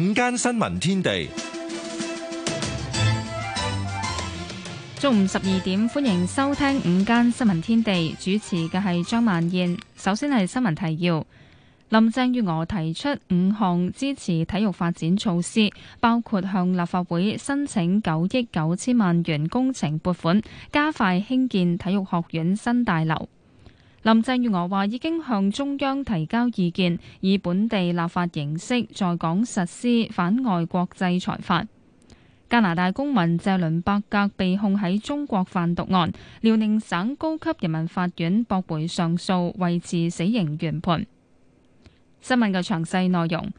午間新聞天地，中午十二點，歡迎收聽午間新聞天地。主持嘅係張曼燕。首先係新聞提要：林鄭月娥提出五項支持體育發展措施，包括向立法會申請九億九千萬元工程撥款，加快興建體育學院新大樓。林鄭月娥話已經向中央提交意見，以本地立法形式在港實施反外國制裁法。加拿大公民謝倫伯格被控喺中國販毒案，遼寧省高級人民法院駁回上訴，維持死刑原判。新聞嘅詳細內容，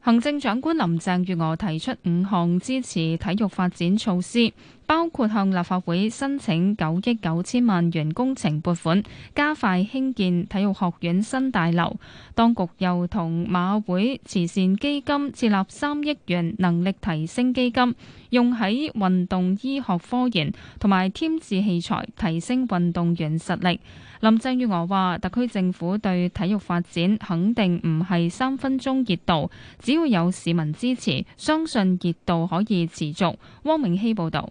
行政長官林鄭月娥提出五項支持體育發展措施。包括向立法會申請九億九千萬元工程撥款，加快興建體育學院新大樓。當局又同馬會慈善基金設立三億元能力提升基金，用喺運動醫學科研同埋添置器材，提升運動員實力。林鄭月娥話：特區政府對體育發展肯定唔係三分鐘熱度，只要有市民支持，相信熱度可以持續。汪明希報導。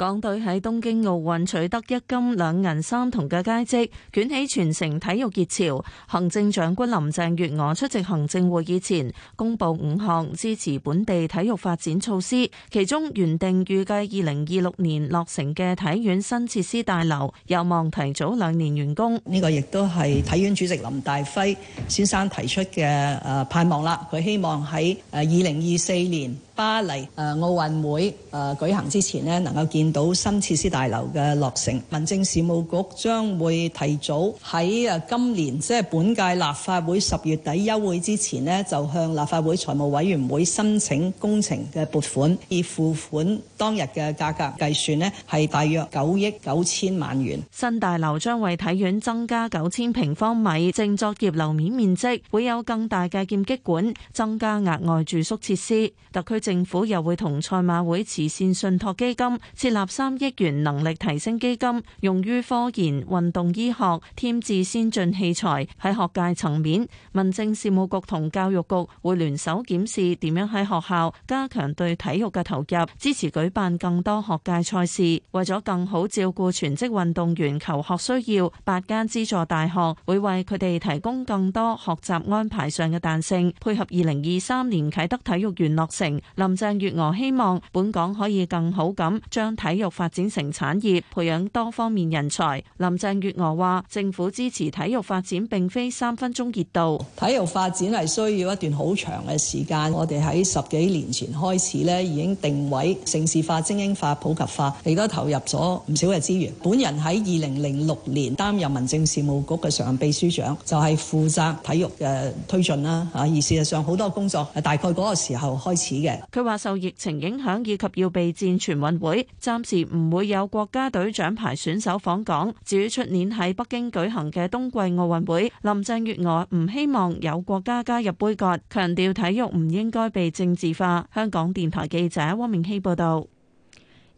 港隊喺東京奧運取得一金兩銀三銅嘅佳績，捲起全城體育熱潮。行政長官林鄭月娥出席行政會議前，公布五項支持本地體育發展措施，其中原定預計二零二六年落成嘅體院新設施大樓，有望提早兩年完工。呢個亦都係體院主席林大輝先生提出嘅誒盼望啦，佢希望喺誒二零二四年。巴黎誒奧運會誒舉行之前咧，能夠見到新設施大樓嘅落成，民政事務局將會提早喺誒今年即係、就是、本屆立法會十月底休會之前呢，就向立法會財務委員會申請工程嘅撥款，以付款當日嘅價格計算呢，係大約九億九千萬元。新大樓將為體院增加九千平方米正作業樓面面積，會有更大嘅劍擊館，增加額外住宿設施。特區。.政府又會同賽馬會慈善信託基金設立三億元能力提升基金，用於科研、運動醫學、添置先進器材。喺學界層面，民政事務局同教育局會聯手檢視點樣喺學校加強對體育嘅投入，支持舉辦更多學界賽事。為咗更好照顧全職運動員求學需要，八間資助大學會為佢哋提供更多學習安排上嘅彈性，配合二零二三年啟德體育園落成。林鄭月娥希望本港可以更好咁將體育發展成產業，培養多方面人才。林鄭月娥話政府支持體育發展並非三分鐘熱度，體育發展係需要一段好長嘅時間，我哋喺十幾年前開始咧，已經定位城市化、精英化、普及化，亦都投入咗唔少嘅資源。本人喺二零零六年擔任民政事務局嘅常任秘書長就係負責體育嘅推進啦。嚇，而事實上好多工作係大概嗰個時候開始嘅。佢話受疫情影響以及要備戰全運會，暫時唔會有國家隊獎牌選手訪港。至於出年喺北京舉行嘅冬季奧運會，林鄭月娥唔希望有國家加入杯葛，強調體育唔應該被政治化。香港電台記者汪明希報道。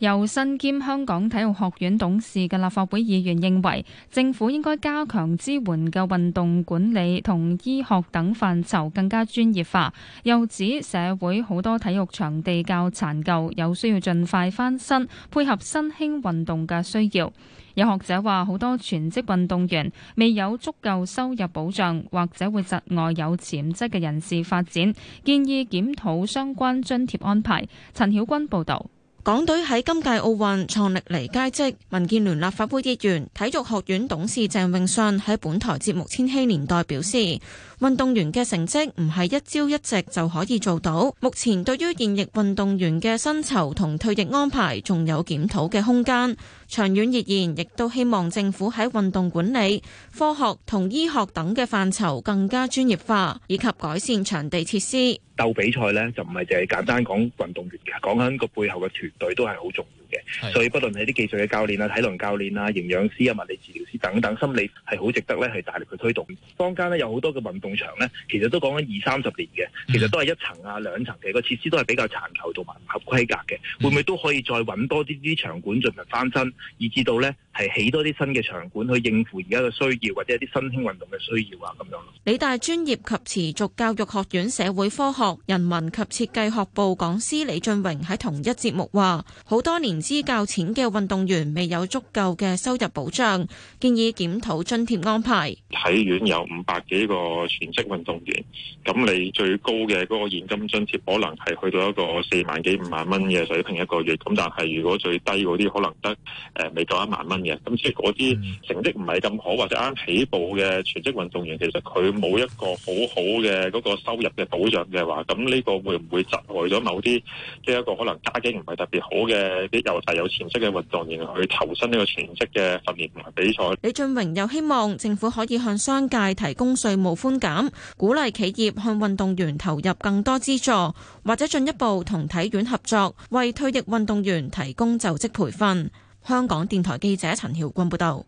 又身兼香港體育學院董事嘅立法會議員認為，政府應該加強支援嘅運動管理同醫學等範疇更加專業化。又指社會好多體育場地較殘舊，有需要盡快翻新，配合新興運動嘅需要。有學者話，好多全職運動員未有足夠收入保障，或者會窒礙有潛質嘅人士發展，建議檢討相關津貼安排。陳曉君報道。港隊喺今屆奧運創歷來佳績，民建聯立法會議員、體育學院董事鄭永信喺本台節目《千禧年代》表示，運動員嘅成績唔係一朝一夕就可以做到。目前對於現役運動員嘅薪酬同退役安排仲有檢討嘅空間。長遠而言，亦都希望政府喺運動管理、科學同醫學等嘅範疇更加專業化，以及改善場地設施。鬥比賽呢，就唔係淨係簡單講運動員嘅，講緊個背後嘅團隊都係好重要。所以，不論係啲技術嘅教練啊、體能教練啊、營養師啊、物理治療師等等，心理係好值得咧，係大力去推動。當間咧有好多嘅運動場咧，其實都講緊二三十年嘅，其實都係一層啊、兩層嘅，個設施都係比較殘舊同埋唔合規格嘅。會唔會都可以再揾多啲啲場館進行翻新，以至到咧係起多啲新嘅場館去應付而家嘅需要，或者一啲新興運動嘅需要啊咁樣。理大專業及持續教育學院社會科學人文及設計學部講師李俊榮喺同一節目話好多年資較淺嘅運動員未有足夠嘅收入保障，建議檢討津貼安排。體院有五百幾個全職運動員，咁你最高嘅嗰個現金津貼可能係去到一個四萬幾五萬蚊嘅水平一個月，咁但係如果最低嗰啲可能得誒未夠一萬蚊嘅，咁即係嗰啲成績唔係咁好或者啱起步嘅全職運動員，其實佢冇一個好好嘅嗰個收入嘅保障嘅話，咁呢個會唔會窒礙咗某啲即係一個可能家境唔係特別好嘅啲人？就係有潛質嘅運動員去投身呢個潛質嘅訓練同埋比賽。李俊榮又希望政府可以向商界提供稅務寬減，鼓勵企業向運動員投入更多資助，或者進一步同體院合作，為退役運動員提供就職培訓。香港電台記者陳曉君報道。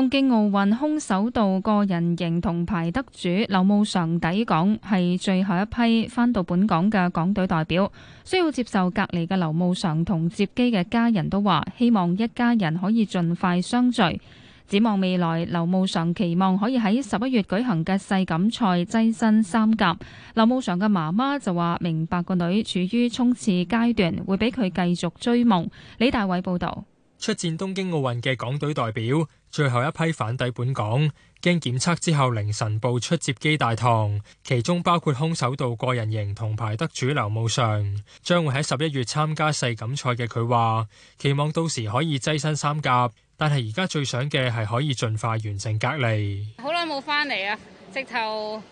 東京奧運空手道個人型銅牌得主劉慕祥抵港，係最後一批返到本港嘅港隊代表，需要接受隔離嘅劉慕祥同接機嘅家人都話，希望一家人可以盡快相聚。展望未來，劉慕祥期望可以喺十一月舉行嘅世錦賽躋身三甲。劉慕祥嘅媽媽就話，明白個女處於沖刺階段，會俾佢繼續追夢。李大偉報道。出戰東京奧運嘅港隊代表，最後一批返抵本港，經檢測之後凌晨步出接機大堂，其中包括空手道個人型銅牌得主劉慕裳，將會喺十一月參加世錦賽嘅佢話，期望到時可以躋身三甲，但係而家最想嘅係可以盡快完成隔離。好耐冇翻嚟啊，直頭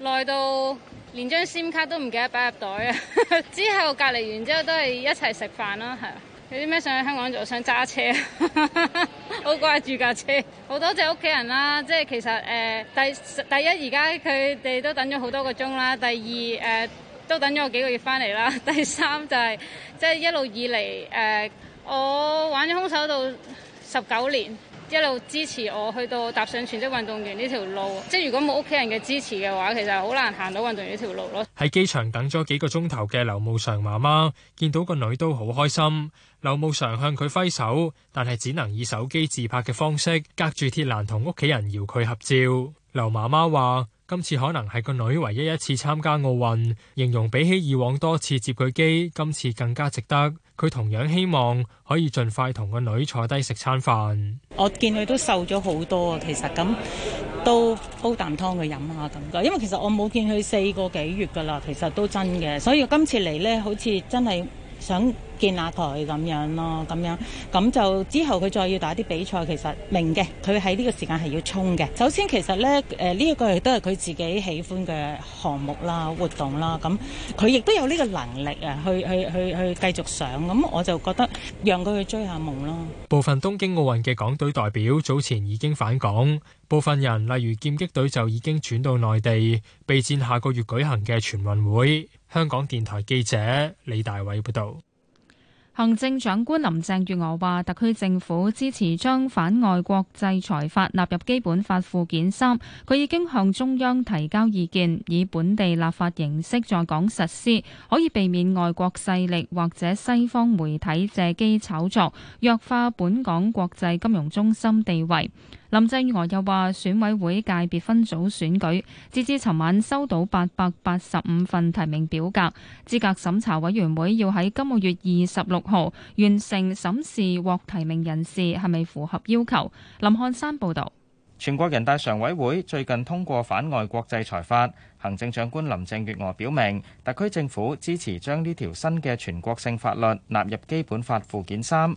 耐到，到連張 SIM 卡都唔記得擺入袋啊， 之後隔離完之後都係一齊食飯啦，係。有啲咩想去香港做？想揸車，好掛住架車。好多謝屋企人啦，即係其實誒、呃，第第一而家佢哋都等咗好多個鐘啦，第二誒、呃、都等咗我幾個月翻嚟啦，第三就係、是、即係一路以嚟誒、呃，我玩咗空手道十九年。一路支持我去到踏上全職運動員呢條路，即係如果冇屋企人嘅支持嘅話，其實好難行到運動員呢條路咯。喺機場等咗幾個鐘頭嘅劉慕裳媽媽見到個女都好開心，劉慕裳向佢揮手，但係只能以手機自拍嘅方式隔住鐵欄同屋企人遙距合照。劉媽媽話：今次可能係個女唯一一次參加奧運，形容比起以往多次接佢機，今次更加值得。佢同樣希望可以盡快同個女坐低食餐飯。我見佢都瘦咗好多啊，其實咁都煲啖湯去飲下咁噶。因為其實我冇見佢四個幾月噶啦，其實都真嘅。所以今次嚟呢，好似真係。想見下台咁樣咯，咁樣咁就之後佢再要打啲比賽，其實明嘅，佢喺呢個時間係要衝嘅。首先，其實咧誒呢一、呃這個亦都係佢自己喜歡嘅項目啦、活動啦，咁佢亦都有呢個能力啊，去去去去繼續上。咁我就覺得讓佢去追下夢咯。部分東京奧運嘅港隊代表早前已經返港，部分人例如劍擊隊就已經轉到內地備戰下個月舉行嘅全運會。香港電台記者李大偉報道，行政長官林鄭月娥話，特區政府支持將反外國制裁法納入基本法附件三，佢已經向中央提交意見，以本地立法形式在港實施，可以避免外國勢力或者西方媒體借機炒作，弱化本港國際金融中心地位。林鄭月娥又話：選委會界別分組選舉，截至尋晚收到八百八十五份提名表格，資格審查委員會要喺今個月二十六號完成審視獲提名人士係咪符合要求。林漢山報導。全國人大常委會最近通過反外國制裁法，行政長官林鄭月娥表明，特區政府支持將呢條新嘅全國性法律納入基本法附件三。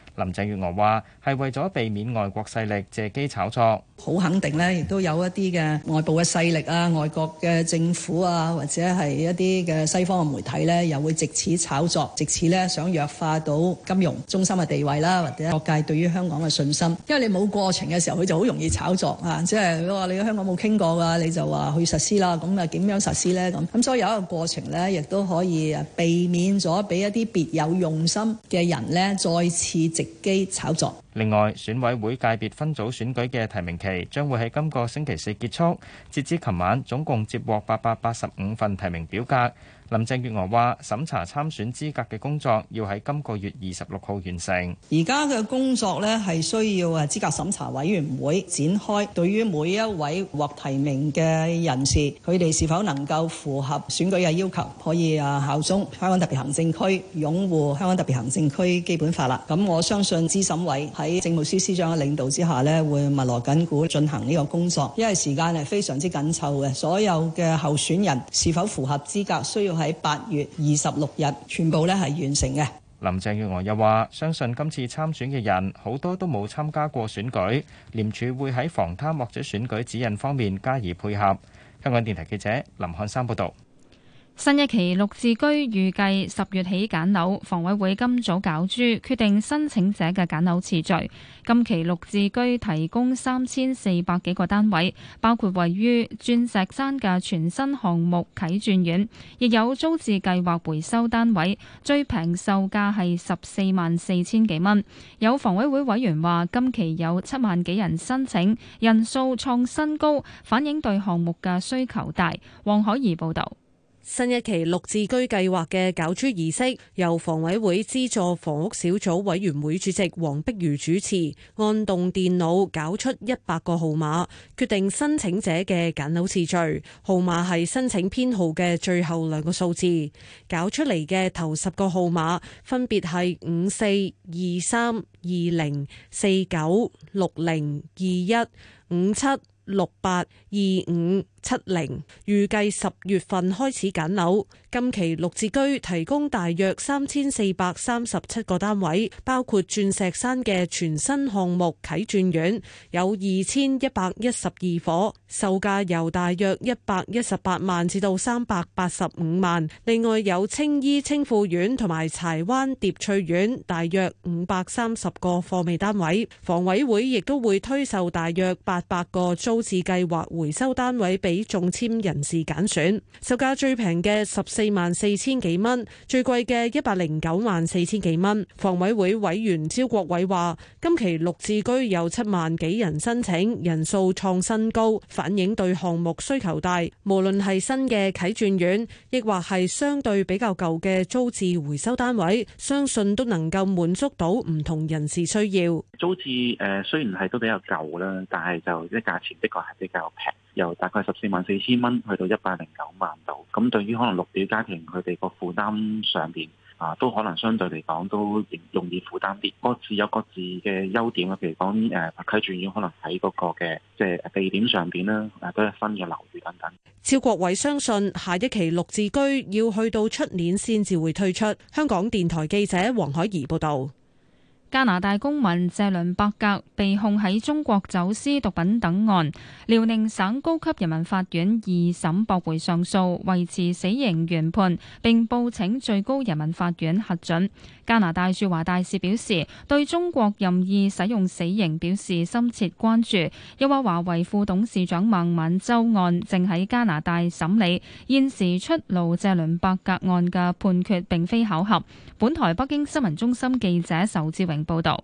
林鄭月娥話：係為咗避免外國勢力借機炒作，好肯定咧，亦都有一啲嘅外部嘅勢力啊，外國嘅政府啊，或者係一啲嘅西方嘅媒體咧，又會藉此炒作，藉此咧想弱化到金融中心嘅地位啦，或者各界對於香港嘅信心。因為你冇過程嘅時候，佢就好容易炒作啊！即係你話你喺香港冇傾過㗎，你就話去實施啦。咁啊，點樣實施咧？咁咁，所以有一個過程咧，亦都可以避免咗俾一啲別有用心嘅人咧，再次食機炒作。另外，選委會界別分組選舉嘅提名期將會喺今個星期四結束。截至琴晚，總共接獲八百八十五份提名表格。林鄭月娥話：審查參選資格嘅工作要喺今個月二十六號完成。而家嘅工作呢，係需要啊資格審查委員會展開，對於每一位獲提名嘅人士，佢哋是否能夠符合選舉嘅要求，可以啊效忠香港特別行政區，擁護香港特別行政區基本法啦。咁我相信資審委，喺政務司司長嘅領導之下咧，會密鑼緊鼓進行呢個工作，因為時間係非常之緊湊嘅。所有嘅候選人是否符合資格，需要喺八月二十六日全部咧係完成嘅。林鄭月娥又話，相信今次參選嘅人好多都冇參加過選舉，廉署會喺防貪或者選舉指引方面加以配合。香港電台記者林漢山報道。新一期六字居預計十月起揀樓，房委會今早攪珠決定申請者嘅揀樓次序。今期六字居提供三千四百幾個單位，包括位於鑽石山嘅全新項目啟鑽苑，亦有租置計劃回收單位，最平售，售價係十四萬四千幾蚊。有房委會委員話今期有七萬幾人申請，人數創新高，反映對項目嘅需求大。黃海怡報道。新一期綠置居計劃嘅攪珠儀式，由房委會資助房屋小組委員會主席黃碧如主持，按動電腦攪出一百個號碼，決定申請者嘅揀樓次序。號碼係申請編號嘅最後兩個數字，攪出嚟嘅頭十個號碼分別係五四二三二零四九六零二一五七六八二五。七零，預計十月份開始揀樓。今期綠置居提供大約三千四百三十七個單位，包括鑽石山嘅全新項目啟鑽苑，有二千一百一十二伙，售價由大約一百一十八萬至到三百八十五萬。另外有青衣青富苑同埋柴灣蝶翠苑，大約五百三十個貨尾單位。房委會亦都會推售大約八百個租置計劃回收單位被俾中簽人士揀選，售價最平嘅十四萬四千幾蚊，最貴嘅一百零九萬四千幾蚊。房委會委員招國偉話：今期綠置居有七萬幾人申請，人數創新高，反映對項目需求大。無論係新嘅啟轉院，亦或係相對比較舊嘅租置回收單位，相信都能夠滿足到唔同人士需要。租置誒，雖然係都比較舊啦，但係就啲價錢的確係比較平。由大概十四萬四千蚊去到一百零九萬度，咁對於可能綠地家庭，佢哋個負擔上邊啊，都可能相對嚟講都容易負擔啲。各自有各自嘅優點啊，譬如講，誒，溪住院，可能喺嗰個嘅即係地點上邊啦，誒，都係新嘅樓宇等等。趙國偉相信下一期綠置居要去到出年先至會推出。香港電台記者黃海怡報道。加拿大公民謝倫伯格被控喺中國走私毒品等案，遼寧省高級人民法院二審駁回上訴，維持死刑原判，並報請最高人民法院核准。加拿大駐華大使表示，對中國任意使用死刑表示深切關注。又話華為副董事長孟晚舟案正喺加拿大審理，現時出爐謝倫伯格案嘅判決，並非巧合。本台北京新聞中心記者仇志榮報道。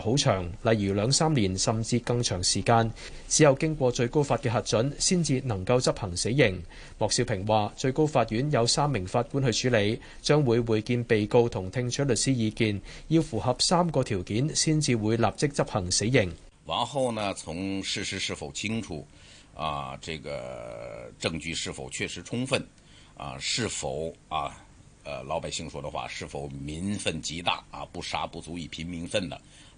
好長，例如兩三年甚至更長時間，只有經過最高法嘅核准，先至能夠執行死刑。莫少平話：最高法院有三名法官去處理，將會會見被告同聽取律師意見，要符合三個條件先至會立即執行死刑。然後呢，從事實是否清楚啊？這個證據是否確實充分啊？是否啊？呃，老百姓說的話是否民憤極大啊？不殺不足以平民憤的。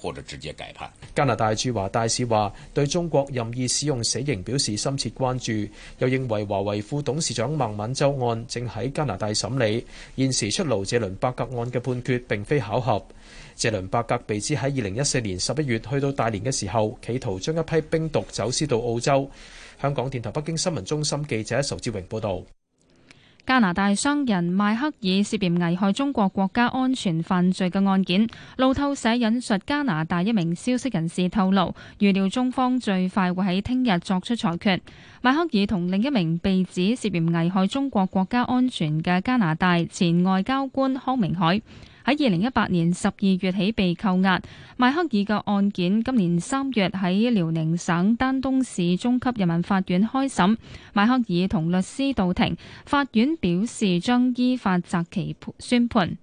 或者直接改判。加拿大駐華大使話，對中國任意使用死刑表示深切關注，又認為華為副董事長孟晚舟案正喺加拿大審理，現時出爐謝倫伯格案嘅判決並非巧合。謝倫伯格被指喺二零一四年十一月去到大連嘅時候，企圖將一批冰毒走私到澳洲。香港電台北京新聞中心記者仇志榮報道。加拿大商人邁克爾涉嫌危害中國國家安全犯罪嘅案件，路透社引述加拿大一名消息人士透露，預料中方最快會喺聽日作出裁決。邁克爾同另一名被指涉嫌危害中國國家安全嘅加拿大前外交官康明凱。喺二零一八年十二月起被扣押，邁克爾嘅案件今年三月喺遼寧省丹東市中級人民法院開審，邁克爾同律師到庭，法院表示將依法擇期宣判。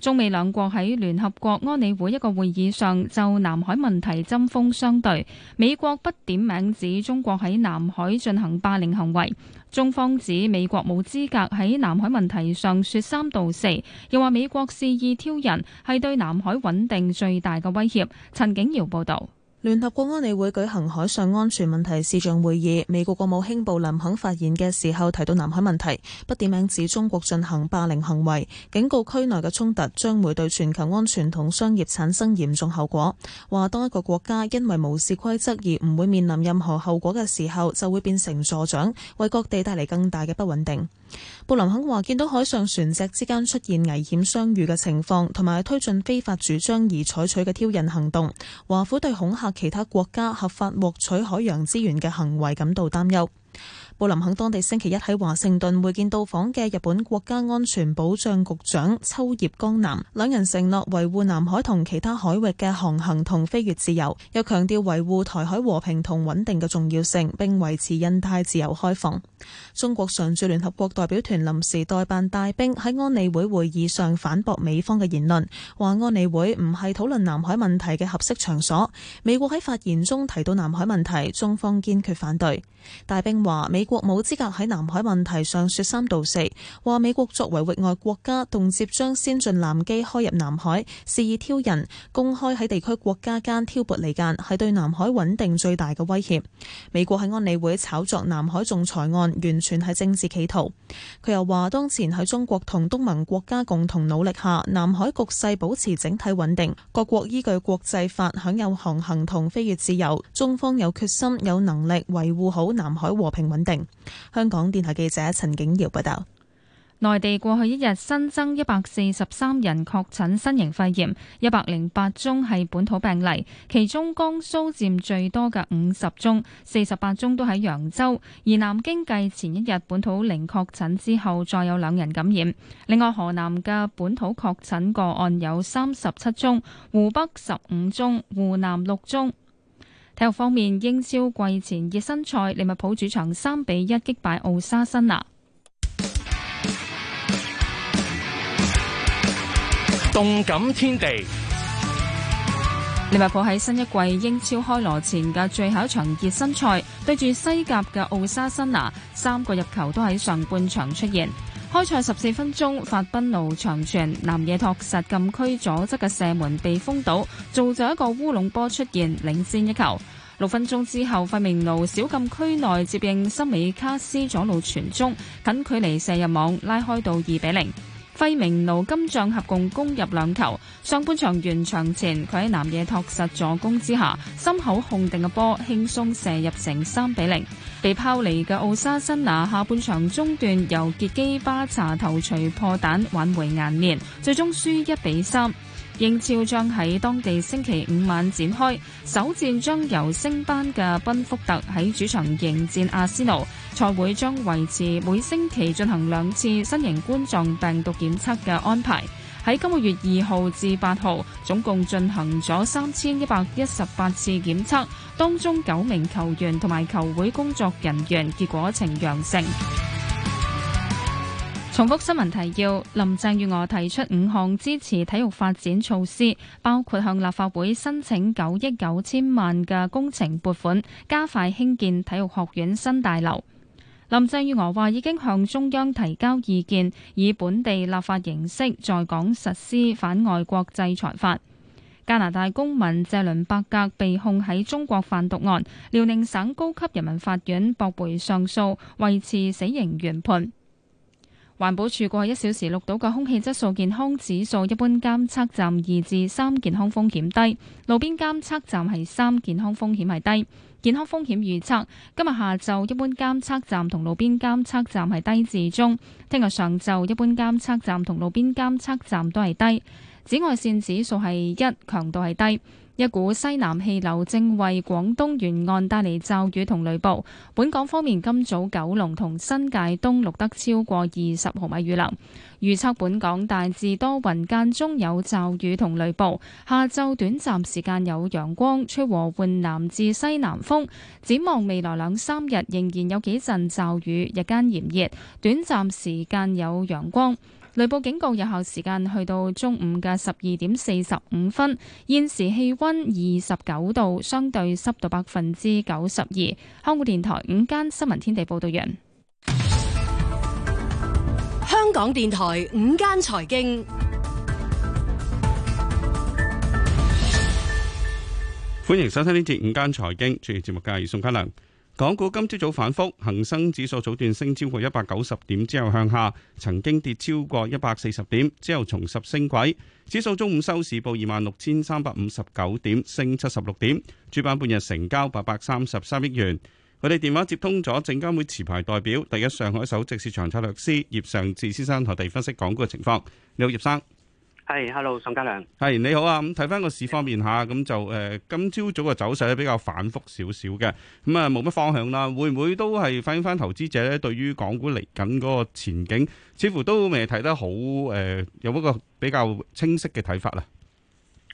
中美兩國喺聯合國安理會一個會議上就南海問題針鋒相對，美國不點名指中國喺南海進行霸凌行為，中方指美國冇資格喺南海問題上説三道四，又話美國肆意挑釁係對南海穩定最大嘅威脅。陳景瑤報道。聯合國安理會舉行海上安全問題視像會議，美國國務卿布林肯發言嘅時候提到南海問題，不點名指中國進行霸凌行為，警告區內嘅衝突將會對全球安全同商業產生嚴重後果。話當一個國家因為無視規則而唔會面臨任何後果嘅時候，就會變成助長，為各地帶嚟更大嘅不穩定。布林肯話：見到海上船隻之間出現危險相遇嘅情況，同埋推進非法主張而採取嘅挑釁行動，華府對恐嚇其他國家合法獲取海洋資源嘅行為感到擔憂。布林肯當地星期一喺華盛頓會見到訪嘅日本國家安全保障局長秋葉剛男，兩人承諾維護南海同其他海域嘅航行同飛越自由，又強調維護台海和平同穩定嘅重要性，並維持印太自由開放。中國常駐聯合國代表團臨時代辦戴兵喺安理會會議上反駁美方嘅言論，話安理會唔係討論南海問題嘅合適場所。美國喺發言中提到南海問題，中方堅決反對。戴兵話美國冇資格喺南海問題上說三道四，話美國作為域外國家，動輒將先進艦機開入南海，肆意挑釁，公開喺地區國家間挑撥離間，係對南海穩定最大嘅威脅。美國喺安理會炒作南海仲裁案，完全係政治企圖。佢又話，當前喺中國同東盟國家共同努力下，南海局勢保持整體穩定，各國依據國際法享有航行，行同飛越自由。中方有決心、有能力維護好南海和平穩定。香港電台記者陳景堯報道，內地過去一日新增一百四十三人確診新型肺炎，一百零八宗係本土病例，其中江蘇占最多嘅五十宗，四十八宗都喺揚州，而南京繼前一日本土零確診之後，再有兩人感染。另外，河南嘅本土確診個案有三十七宗，湖北十五宗，湖南六宗。體育方面，英超季前熱身賽，利物浦主場三比一擊敗奧沙辛拿。動感天地，利物浦喺新一季英超開鑼前嘅最後一場熱身賽，對住西甲嘅奧沙辛拿，三個入球都喺上半場出現。開賽十四分鐘，法賓奴長傳，南野拓實禁區左側嘅射門被封堵，造就一個烏龍波出現，領先一球。六分鐘之後，費明奴小禁區內接應森美卡斯左路傳中，近距離射入網，拉開到二比零。費明奴今仗合共攻入兩球，上半場完場前佢喺南野拓實助攻之下，心口控定嘅波輕鬆射入成三比零。被拋離嘅奧沙辛拿下半場中段由傑基巴查頭錘破蛋挽回顏面，最終輸一比三。英超將喺當地星期五晚展開首戰，將由升班嘅賓福特喺主場迎戰阿仙奴。賽會將維持每星期進行兩次新型冠狀病毒檢測嘅安排。喺今個月二號至八號，總共進行咗三千一百一十八次檢測，當中九名球員同埋球會工作人員結果呈陽性。重複新聞提要：林鄭月娥提出五項支持體育發展措施，包括向立法會申請九億九千萬嘅工程撥款，加快興建體育學院新大樓。林鄭月娥話已經向中央提交意見，以本地立法形式在港實施反外國制裁法。加拿大公民謝倫伯格被控喺中國販毒案，遼寧省高級人民法院駁回上訴，維持死刑原判。環保署過去一小時錄到嘅空氣質素健康指數，一般監測站二至三，健康風險低；路邊監測站係三，健康風險係低。健康風險預測，今日下晝一般監測站同路邊監測站係低至中；聽日上晝一般監測站同路邊監測站都係低。紫外線指數係一，強度係低。一股西南氣流正為廣東沿岸帶嚟驟雨同雷暴。本港方面，今早九龍同新界東錄得超過二十毫米雨量。預測本港大致多雲間中有驟雨同雷暴，下晝短暫時間有陽光，吹和緩南至西南風。展望未來兩三日仍然有幾陣驟雨，日間炎熱，短暫時間有陽光。雷暴警告有效時間去到中午嘅十二點四十五分。現時氣溫二十九度，相對濕度百分之九十二。香港電台午間新聞天地報道員，香港電台午間財經，歡迎收聽呢節午間財經。主持節目嘅係宋嘉良。港股今朝早反覆，恒生指數早段升超過一百九十點之後向下，曾經跌超過一百四十點之後重拾升軌，指數中午收市報二萬六千三百五十九點升七十六點，主板半日成交八百三十三億元。佢哋電話接通咗證監會持牌代表、第一上海首席市場策略師葉尚志先生，同我哋分析港股嘅情況，你好，葉生。係，Hello，宋家良。係、hey，你好啊，咁睇翻個市方面吓，咁就誒，今朝早嘅走勢咧比較反覆少少嘅，咁啊冇乜方向啦。會唔會都係反映翻投資者咧對於港股嚟緊嗰個前景，似乎都未睇得好誒、呃，有一個比較清晰嘅睇法啊？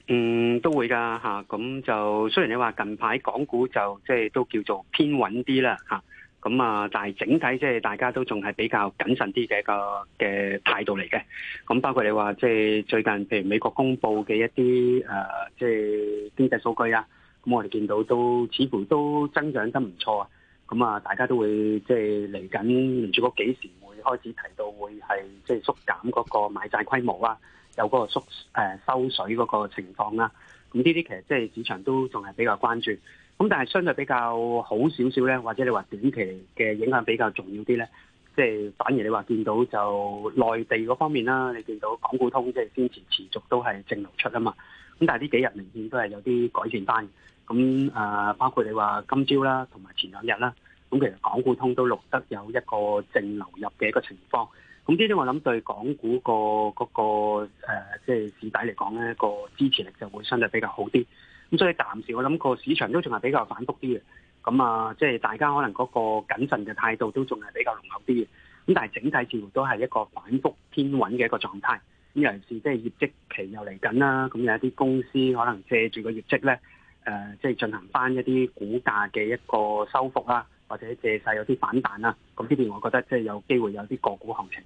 嗯，都會噶吓，咁、啊、就雖然你話近排港股就即係都叫做偏穩啲啦吓。啊咁啊、嗯，但係整體即係大家都仲係比較謹慎啲嘅一個嘅態度嚟嘅。咁、嗯、包括你話即係最近譬如美國公佈嘅一啲誒、即、呃、係、就是、經濟數據啊，咁、嗯、我哋見到都似乎都增長得唔錯啊。咁、嗯、啊，大家都會即係嚟緊唔知聯儲局幾時會開始提到會係即係縮減嗰個買債規模啊，有嗰個縮誒、呃、收水嗰個情況啊。咁呢啲其實即係市場都仲係比較關注。咁但係相對比較好少少咧，或者你話短期嘅影響比較重要啲咧，即係反而你話見到就內地嗰方面啦，你見到港股通即係先前持續都係淨流出啊嘛。咁但係呢幾日明顯都係有啲改善翻。咁啊，包括你話今朝啦，同埋前兩日啦，咁其實港股通都錄得有一個淨流入嘅一個情況。咁呢啲我諗對港股個嗰個呃、即係市底嚟講咧，個支持力就會相對比較好啲。咁所以暫時我諗個市場都仲係比較反覆啲嘅，咁啊，即係大家可能嗰個謹慎嘅態度都仲係比較濃厚啲嘅。咁但係整體似乎都係一個反覆偏穩嘅一個狀態。咁尤其是即係業績期又嚟緊啦，咁有一啲公司可能借住個業績咧，誒，即係進行返一啲股價嘅一個收復啦，或者借勢有啲反彈啦。咁呢邊我覺得即係有機會有啲個股行情。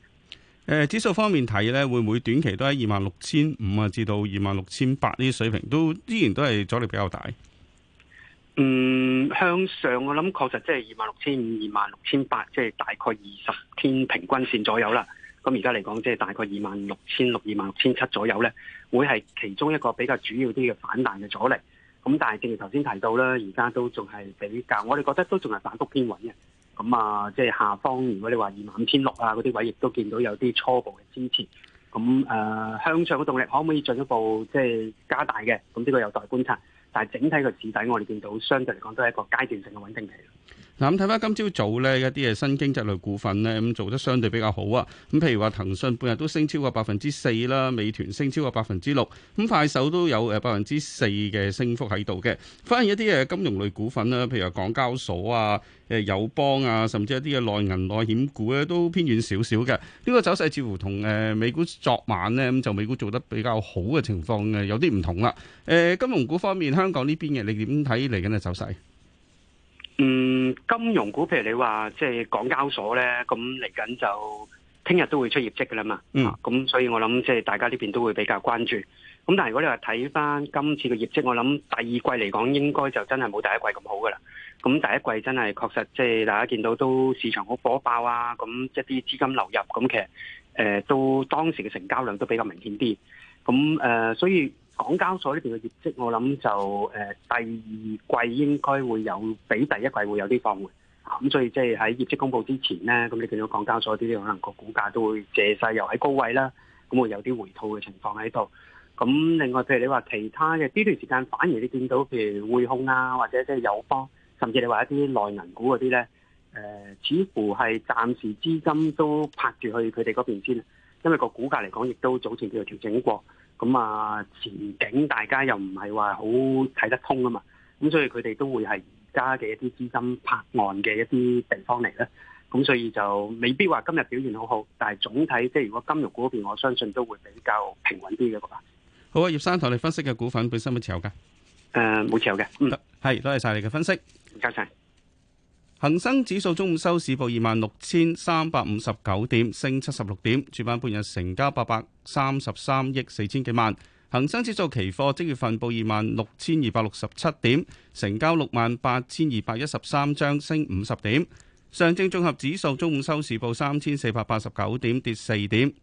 誒、呃，指數方面睇咧，會唔會短期都喺二萬六千五啊至到二萬六千八呢啲水平，都依然都係阻力比較大。嗯，向上我諗確實即係二萬六千五、二萬六千八，即係大概二十天平均線左右啦。咁而家嚟講，即係大概二萬六千六、二萬六千七左右咧，會係其中一個比較主要啲嘅反彈嘅阻力。咁但係正如頭先提到啦，而家都仲係比較，我哋覺得都仲係反覆偏穩嘅。咁啊、嗯，即係下方，如果你話二萬五千六啊嗰啲位，亦都見到有啲初步嘅支持。咁、嗯、誒、呃，向上嘅動力可唔可以進一步即係加大嘅？咁、嗯、呢、這個有待觀察。但係整體個市底，我哋見到相對嚟講都係一個階段性嘅穩定期。嗱，咁睇翻今朝早咧，一啲嘅新經濟類股份咧，咁做得相對比較好啊，咁譬如話騰訊半日都升超過百分之四啦，美團升超過百分之六，咁快手都有誒百分之四嘅升幅喺度嘅。反而一啲嘅金融類股份咧，譬如話港交所啊、誒友邦啊，甚至一啲嘅內銀內險股咧都偏遠少少嘅。呢個走勢似乎同誒美股昨晚咧，咁就美股做得比較好嘅情況嘅有啲唔同啦。誒，金融股方面，香港呢邊嘅你點睇嚟緊嘅走勢？嗯，金融股，譬如你話即係港交所呢，咁嚟緊就聽日都會出業績噶啦嘛，咁、嗯啊、所以我諗即係大家呢邊都會比較關注。咁但係如果你話睇翻今次嘅業績，我諗第二季嚟講，應該就真係冇第一季咁好噶啦。咁、嗯、第一季真係確實，即係大家見到都市場好火爆啊，咁、嗯、一啲資金流入，咁、嗯、其實都、呃、當時嘅成交量都比較明顯啲。咁、嗯、誒、呃，所以。港交所呢邊嘅業績，我諗就誒第二季應該會有比第一季會有啲放緩，咁所以即係喺業績公佈之前咧，咁你見到港交所啲可能個股價都會借勢又喺高位啦，咁會有啲回吐嘅情況喺度。咁另外，譬如你話其他嘅呢段時間，反而你見到譬如匯控啊，或者即係友邦，甚至你話一啲內銀股嗰啲咧，誒、呃、似乎係暫時資金都拍住去佢哋嗰邊先，因為個股價嚟講，亦都早前叫做調整過。咁啊，前景大家又唔係話好睇得通啊嘛，咁所以佢哋都會係而家嘅一啲資金拍岸嘅一啲地方嚟咧，咁所以就未必話今日表現好好，但係總體即係如果金融股嗰邊，我相信都會比較平穩啲嘅，係嘛？好啊，葉生同你分析嘅股份本身有冇持有嘅？誒，冇持有嘅，嗯，係，多謝晒你嘅分析，唔該晒。恒生指數中午收市報二萬六千三百五十九點，升七十六點。主板半日成交八百三十三億四千幾萬。恒生指數期貨即月份報二萬六千二百六十七點，成交六萬八千二百一十三張，升五十點。上證綜合指數中午收市報三千四百八十九點，跌四點。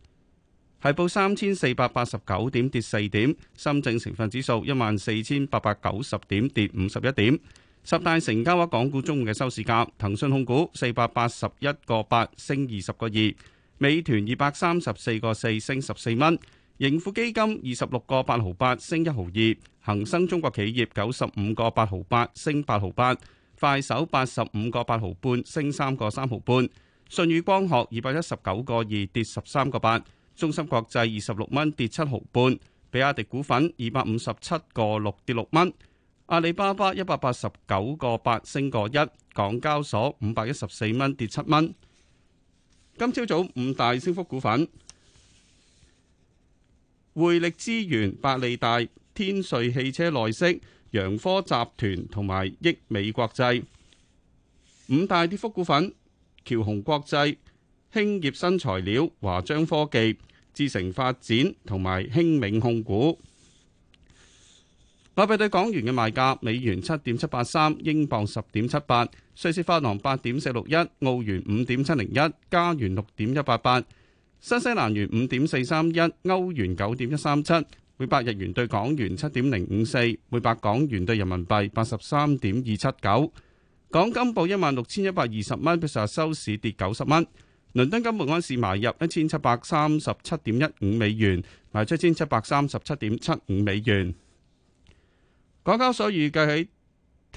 係報三千四百八十九點，跌四點。深證成分指數一萬四千八百九十點，跌五十一點。十大成交嘅港股中午嘅收市價：騰訊控股四百八十一個八升二十個二，美團二百三十四個四升十四蚊，盈富基金二十六個八毫八升一毫二，恒生中國企業九十五個八毫八升八毫八，快手八十五個八毫半升三個三毫半，舜宇光學二百一十九個二跌十三個八，中芯國際二十六蚊跌七毫半，比亞迪股份二百五十七個六跌六蚊。阿里巴巴一百八十九個八升個一，港交所五百一十四蚊跌七蚊。今朝早，早五大升幅股份：匯力資源、百利大、天瑞汽車內飾、洋科集團同埋益美國際。五大跌幅股份：僑鴻國際、興業新材料、華章科技、智誠發展同埋興銘控股。外幣對港元嘅賣價：美元七點七八三，英鎊十點七八，瑞士法郎八點四六一，澳元五點七零一，加元六點一八八，新西蘭元五點四三一，歐元九點一三七。每百日元對港元七點零五四，每百港元對人民幣八十三點二七九。港金報一萬六千一百二十蚊，比上收市跌九十蚊。倫敦金每安士買入一千七百三十七點一五美元，賣出一千七百三十七點七五美元。港交所預計喺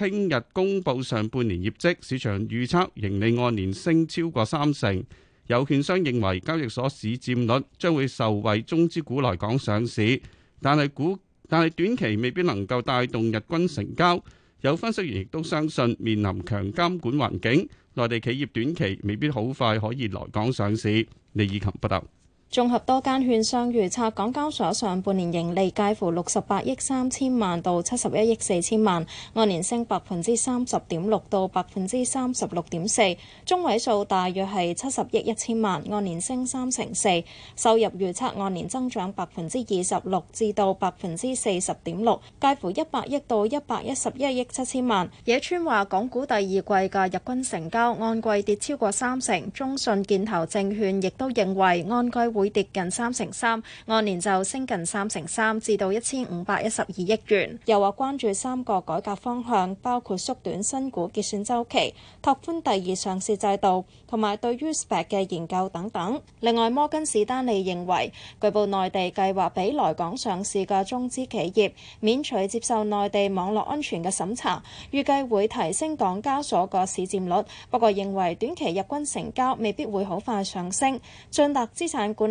聽日公布上半年業績，市場預測盈利按年升超過三成。有券商認為，交易所市佔率將會受惠中資股來港上市，但係股但係短期未必能夠帶動日均成交。有分析員亦都相信，面臨強監管環境，內地企業短期未必好快可以來港上市。李以琴報道。綜合多間券商預測，港交所上半年盈利介乎六十八億三千萬到七十一億四千萬，按年升百分之三十點六到百分之三十六點四，中位數大約係七十億一千萬，按年升三成四。收入預測按年增長百分之二十六至到百分之四十點六，介乎一百億到一百一十一億七千萬。野村話，港股第二季嘅日均成交按季跌超過三成。中信建投證券亦都認為按季會。會跌近三成三，按年就升近三成三，至到一千五百一十二億元。又話關注三個改革方向，包括縮短新股結算周期、拓寬第二上市制度，同埋對於 SPAC 嘅研究等等。另外，摩根士丹利認為，據報內地計劃俾來港上市嘅中資企業免除接受內地網絡安全嘅審查，預計會提升港交所個市佔率。不過認為短期日均成交未必會好快上升。進達資產管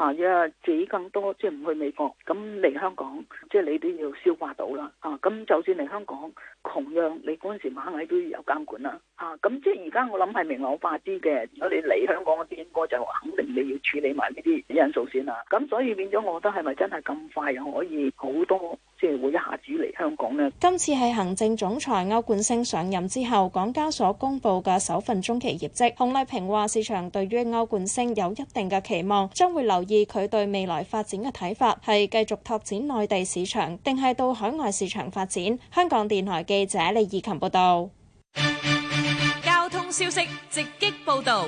啊！而家自己更多，即係唔去美國，咁嚟香港，即係你都要消化到啦。啊，咁就算嚟香港，同樣你嗰陣時馬尾都要有監管啦。啊，咁即係而家我諗係明朗化啲嘅。如果你嚟香港嗰啲，應該就肯定你要處理埋呢啲因素先啦。咁所以變咗，我覺得係咪真係咁快又可以好多？即係會一下子嚟香港呢。今次係行政總裁歐冠昇上任之後，港交所公佈嘅首份中期業績。洪麗萍話：市場對於歐冠昇有一定嘅期望，將會留意佢對未來發展嘅睇法，係繼續拓展內地市場，定係到海外市場發展。香港電台記者李義琴報導。交通消息直擊報導。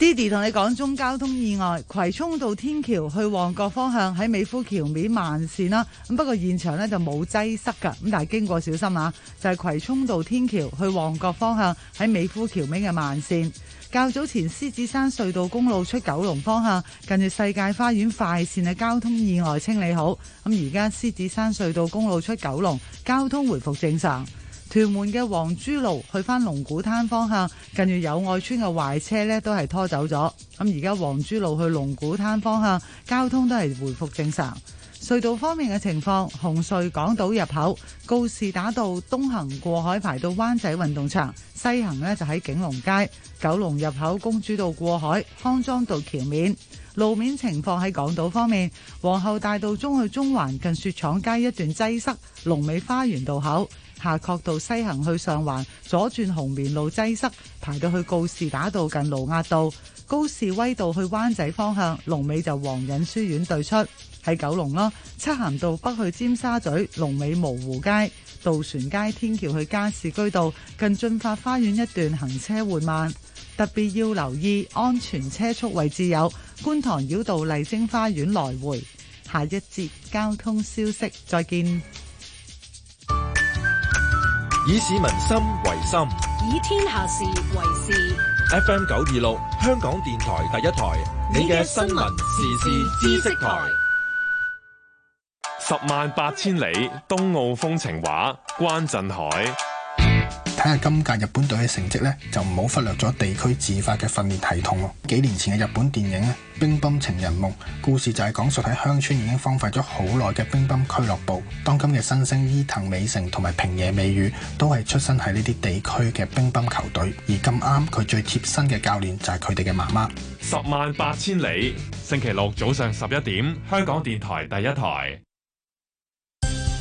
Didi 同你講，中交通意外，葵涌道天橋去旺角方向喺美孚橋面慢線啦。咁不過現場呢就冇擠塞噶，咁但係經過小心啊，就係、是、葵涌道天橋去旺角方向喺美孚橋尾嘅慢線。較早前獅子山隧道公路出九龍方向，近住世界花園快線嘅交通意外清理好，咁而家獅子山隧道公路出九龍交通回復正常。屯門嘅黃珠路去翻龍鼓灘方向，近住友愛村嘅壞車咧都係拖走咗。咁而家黃珠路去龍鼓灘方向交通都係回復正常。隧道方面嘅情況，紅隧港島入口、告士打道東行過海排到灣仔運動場，西行呢就喺景隆街、九龍入口、公主道過海、康莊道橋面。路面情況喺港島方面，皇后大道中去中環近雪廠街一段擠塞，龍尾花園道口。下慤道西行去上環，左轉紅棉路擠塞，排到去告士打道近盧押道、高士威道去灣仔方向，龍尾就皇仁書院對出喺九龍咯。漆咸道北去尖沙咀，龍尾蕪湖街、渡船街天橋去加士居道近駿發花園一段行車緩慢，特別要留意安全車速位置有觀塘繞道麗晶花園來回。下一節交通消息，再見。以市民心為心，以天下事為事。FM 九二六，香港電台第一台，你嘅新聞、新聞時事、知識台。十萬八千里東澳風情畫，關震海。睇下今屆日本隊嘅成績咧，就唔好忽略咗地區自發嘅訓練系統咯。幾年前嘅日本電影咧，《乒乓情人夢》，故事就係講述喺鄉村已經荒廢咗好耐嘅乒乓俱樂部。當今嘅新星伊藤美誠同埋平野美宇都係出身喺呢啲地區嘅乒乓球隊。而咁啱佢最貼身嘅教練就係佢哋嘅媽媽。十萬八千里，星期六早上十一點，香港電台第一台。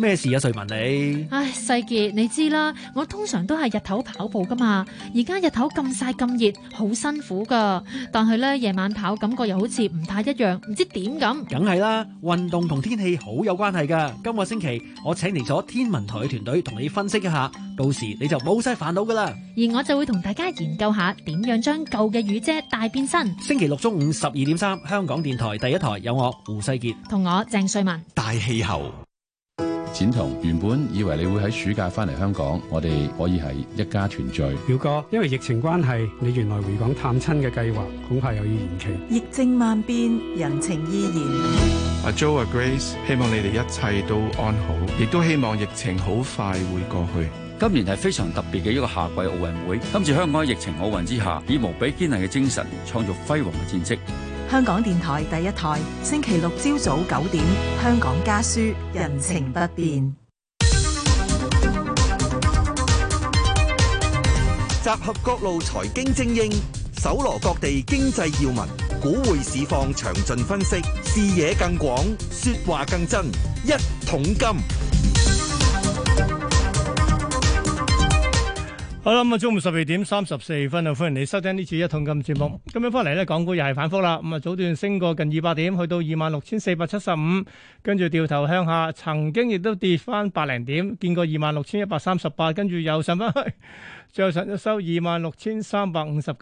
咩事啊？瑞文，你，唉、哎，世傑，你知啦，我通常都係日頭跑步噶嘛，而家日頭咁晒咁熱，好辛苦噶。但係咧，夜晚跑感覺又好似唔太一樣，唔知點咁。梗係啦，運動同天氣好有關係噶。今個星期我請嚟咗天文台嘅團隊同你分析一下，到時你就冇晒煩惱噶啦。而我就會同大家研究下點樣將舊嘅雨遮大變身。星期六中午十二點三，3, 香港電台第一台有我胡世傑同我鄭瑞文，大氣候。展彤原本以為你會喺暑假翻嚟香港，我哋可以係一家團聚。表哥，因為疫情關係，你原來回港探親嘅計劃恐怕又要延期。疫症萬變，人情依然。阿 Joe 阿 Grace，希望你哋一切都安好，亦都希望疫情好快會過去。今年係非常特別嘅一個夏季奧運會。今次香港喺疫情奧運之下，以無比堅毅嘅精神，創造輝煌嘅戰績。香港電台第一台，星期六朝早九點，《香港家書》，人情不變。集合各路財經精英，搜羅各地經濟要聞，股匯市況詳盡分析，視野更廣，說話更真，一桶金。好啦，咁啊，中午十二點三十四分啊，歡迎你收聽呢次一桶金節目。今日翻嚟咧，港股又係反覆啦。咁啊，早段升過近二百點，去到二萬六千四百七十五，跟住掉頭向下，曾經亦都跌翻百零點，見過二萬六千一百三十八，跟住又上翻去，最後上一收二萬六千三百五十。